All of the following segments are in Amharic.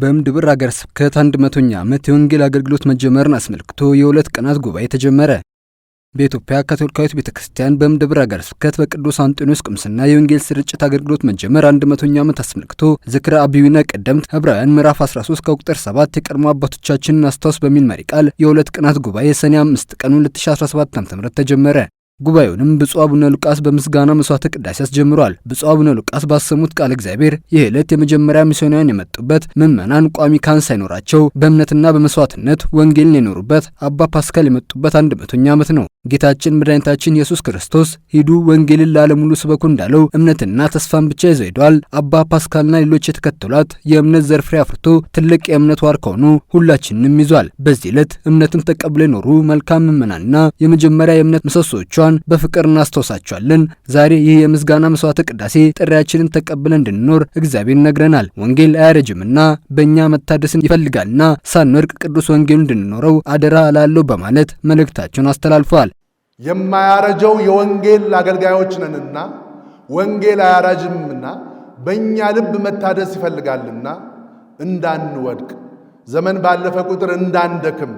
በእምድብር ሀገረ ስብከት አንድ መቶኛ ዓመት የወንጌል አገልግሎት መጀመርን አስመልክቶ የሁለት ቀናት ጉባኤ ተጀመረ። በኢትዮጵያ ካቶሊካዊት ቤተ ክርስቲያን በእምድብር ስብከት በቅዱስ አንጦኒዎስ ቅምስና የወንጌል ስርጭት አገልግሎት መጀመር አንድ መቶኛ ዓመት አስመልክቶ ዝክረ አብዩነ ቀደምት ዕብራውያን ምዕራፍ 13 ከቁጥር 7 የቀድሞ አባቶቻችንን አስታውስ በሚል መሪ ቃል የሁለት ቀናት ጉባኤ ሰኔ 5 ቀን 2017 ዓ.ም ተጀመረ። ጉባኤውንም ብፁዕ አቡነ ሉቃስ በምስጋና መስዋዕተ ቅዳሴ አስጀምሯል። ብፁዕ አቡነ ሉቃስ ባሰሙት ቃል እግዚአብሔር ይህ ዕለት የመጀመሪያ ሚስዮናውያን የመጡበት ምዕመናን ቋሚ ካህን ሳይኖራቸው በእምነትና በመስዋዕትነት ወንጌልን የኖሩበት አባ ፓስካል የመጡበት አንድ መቶኛ ዓመት ነው። ጌታችን መድኃኒታችን ኢየሱስ ክርስቶስ ሂዱ ወንጌልን ለዓለም ሁሉ ስበኩ እንዳለው እምነትና ተስፋን ብቻ ይዘው ሄዷል። አባ ፓስካልና ሌሎች የተከተሏት የእምነት ዘር ፍሬ አፍርቶ ትልቅ የእምነት ዋር ከሆኑ ሁላችንም ይዟል። በዚህ ዕለት እምነትን ተቀብሎ የኖሩ መልካም ምዕመናንና የመጀመሪያ የእምነት ምሰሶዎቿን በፍቅር እናስታውሳቸዋለን። ዛሬ ይህ የምስጋና መስዋዕተ ቅዳሴ ጥሪያችንን ተቀብለን እንድንኖር እግዚአብሔር ይነግረናል። ወንጌል አያረጅምና በእኛ መታደስን ይፈልጋልና ሳንወርቅ ቅዱስ ወንጌሉ እንድንኖረው አደራ እላለሁ በማለት መልእክታቸውን አስተላልፏል። የማያረጀው የወንጌል አገልጋዮች ነንና ወንጌል አያራጅምና በእኛ ልብ መታደስ ይፈልጋልና እንዳንወድቅ ዘመን ባለፈ ቁጥር እንዳንደክም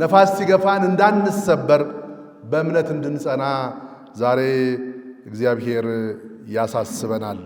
ነፋስ ሲገፋን እንዳንሰበር በእምነት እንድንጸና ዛሬ እግዚአብሔር ያሳስበናል።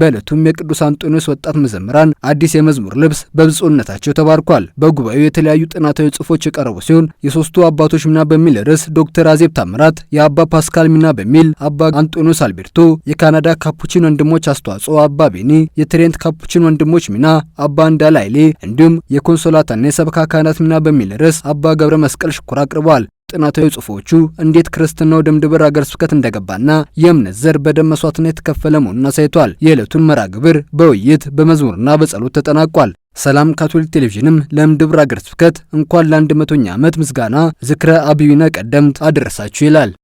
በዕለቱም የቅዱስ አንጦኒዎስ ወጣት መዘምራን አዲስ የመዝሙር ልብስ በብፁዕነታቸው ተባርኳል። በጉባኤው የተለያዩ ጥናታዊ ጽሑፎች የቀረቡ ሲሆን የሶስቱ አባቶች ሚና በሚል ርዕስ ዶክተር አዜብ ታምራት የአባ ፓስካል ሚና በሚል አባ አንጦኒዎስ አልቤርቶ የካናዳ ካፑቺን ወንድሞች አስተዋጽኦ አባ ቤኒ የትሬንት ካፑቺን ወንድሞች ሚና አባ እንዳላይሌ እንዲሁም የኮንሶላታና የሰበካ ካህናት ሚና በሚል ርዕስ አባ ገብረ መስቀል ሽኩር አቅርበዋል። ጥናታዊ ጽሑፎቹ እንዴት ክርስትናው ደምድበር አገር ስብከት እንደገባና የእምነት ዘር በደም መስዋዕትነት የተከፈለ መሆኑን አሳይቷል። የዕለቱን መርሃ ግብር በውይይት በመዝሙርና በጸሎት ተጠናቋል። ሰላም ካቶሊክ ቴሌቪዥንም ለእምድብር አገር ስብከት እንኳን ለአንድ መቶኛ ዓመት ምስጋና ዝክረ አብዩነ ቀደምት አደረሳችሁ ይላል።